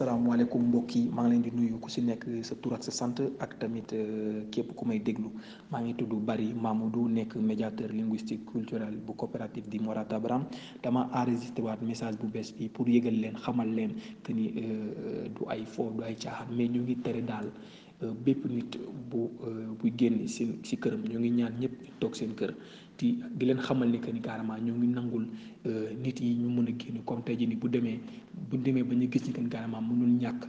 asalaamaaleykum mbokk yi maa ngi leen di nuyu ku si nekk sa tur ak sa sant ak tamit euh, képp ku may déglu maa ngi tudd Bari du nekk médiateur linguistique culturel bu coopérative di Morata Braham dama enregistré waat message bu bees bi pour yëgal leen xamal leen que ni euh, euh, du ay fo du ay caaxaan mais ñu ngi tere daal bépp nit bu bu génn si si këram ñu ngi ñaan ñëpp toog seen kër di di leen xamal ni que ni carrément ñu ngi nangul. nit yi ñu a génn comme tey jii nii bu demee bu demee ba ñu gis ni kan carrément mënul ñàkk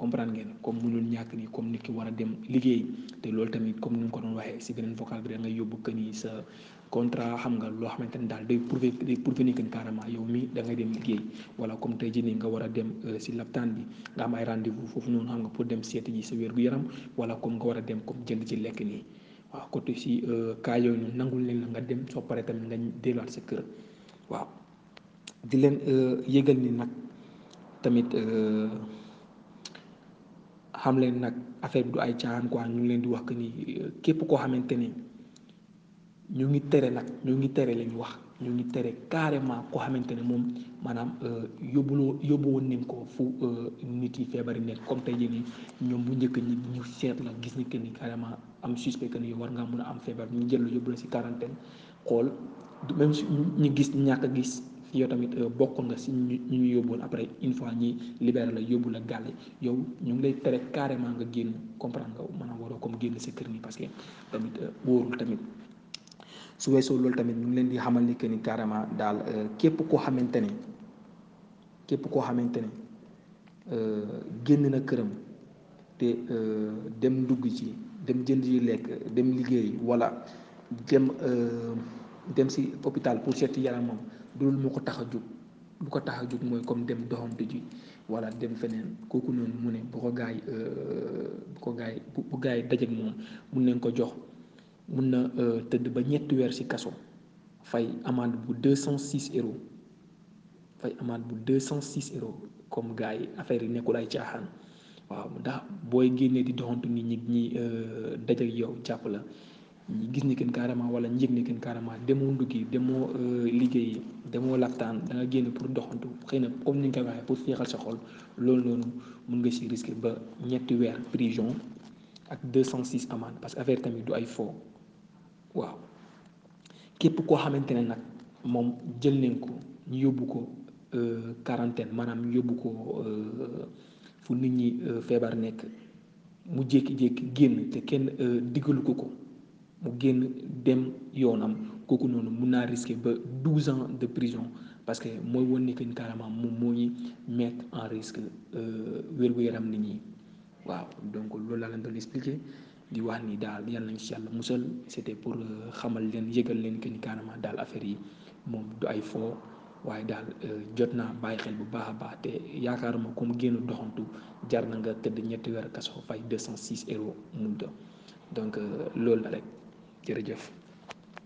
comprendre ngeen comme mënul ñàkk nii comme ni ki war a dem liggéey te loolu tamit comme ni ko doon waxee si nga yóbbu que ni sa contrat xam nga loo xamante ni daal day prouver day prouver ni kan yow mi da ngay dem liggéey wala comme tey jii nga war a dem euh, si laptaan bi nga am ay rendez-vous foofu noonu xam nga pour dem seeti ji sa wér-gu-yaram wala comme nga war a dem comme jënd ci lekk nii waaw côté si euh, cas yooyu noonu nangul leen la nga dem soo paree tamit nga delluwaat sa kër waaw di leen euh, yégal ni nag tamit euh, xam leen nag affaire bi du ay caaxaan quoi ñu ngi leen di wax que ni euh, képp koo xamante ni ñu ngi tere nag ñu ngi tere lañu wax ñu ngi tere carrément koo xamante ne moom maanaam euh, yóbbuloo yóbbu woon nañ ko fu euh, nit yi feebar yi nekk comme tey jii nii ñoom bu njëkk ñi seet la gis ni que ni carrément am suspect que ni yow war ngaa mun a am feebar ñu jël la yóbbu si quarantaine xool du même si ñu gis ñàkk gis yow tamit euh, bokkoon nga si ñu ñu yóbbu woon après une fois ñi libéré la yóbbu la gàlle yow ñu ngi lay tere carrément nga génn comprendre nga maanaam waroo comme génn sa kër nii parce que tamit wóorul tamit. su weesoo loolu tamit mu ngi leen di xamal ni que ni carrément daal euh, képp koo xamante ni képp koo xamante ni euh, génn na këram te euh, dem dugg ci dem jënd yi lekk dem liggéey wala dem dem si hôpital pour seeti yaramam loolu moo ko tax a jóg bu ko tax a jóg mooy comme dem doxantu ji wala dem feneen kooku noonu mu ne bu ko gaay bu ko gaay bu gaay dajeek moom mun nañ ko jox mun na euh, tëdd ba ñetti weer ci kaso fay amende bu deux cent six euros fay amende bu deux cent six euros comme gars yi affaire yi nekkul ay caaxaan waaw ndax booy génnee di doxantu ni ñi ñi euh, dajak yow jàpp la ñi gis ne kenn carrément wala ñu yëg ne kenn carrément demoo nduggi demoo euh, liggéeyi demoo laftaan da nga génn pour doxantu xëy na comme ni nga koy pour féexal sa xol loolu noonu mun nga si risqué ba ñetti weer prison ak deux cent six amende parce que affaire tamit du ay faux waaw képp koo xamante ne nag moom jël nañ ko ñu yóbbu ko euh, quarantaine maanaam ñu yóbbu ko euh, fu nit ñi euh, feebar nekk mu jékki-jékki génn te kenn diggalu ko ko mu génn dem yoonam kooku noonu mun naa risquer ba douze ans de prison parce que mooy wane ni que moom moo ñu mettre en risque wér-gu-yaram nit ñi waaw donc loolu laa leen doon expliquer di wax nii daal yal nañ si yàlla musal c'était pour euh, xamal leen yëgal leen que ni carrément daal affaire yi moom du ay foo waaye daal euh, jot naa bàyyi xel bu baax a baax te yaakaaruma comme génn doxantu jar na nga tëdd ñetti weer kaso fay 206 mu mun donc euh, loolu la rek jërëjëf.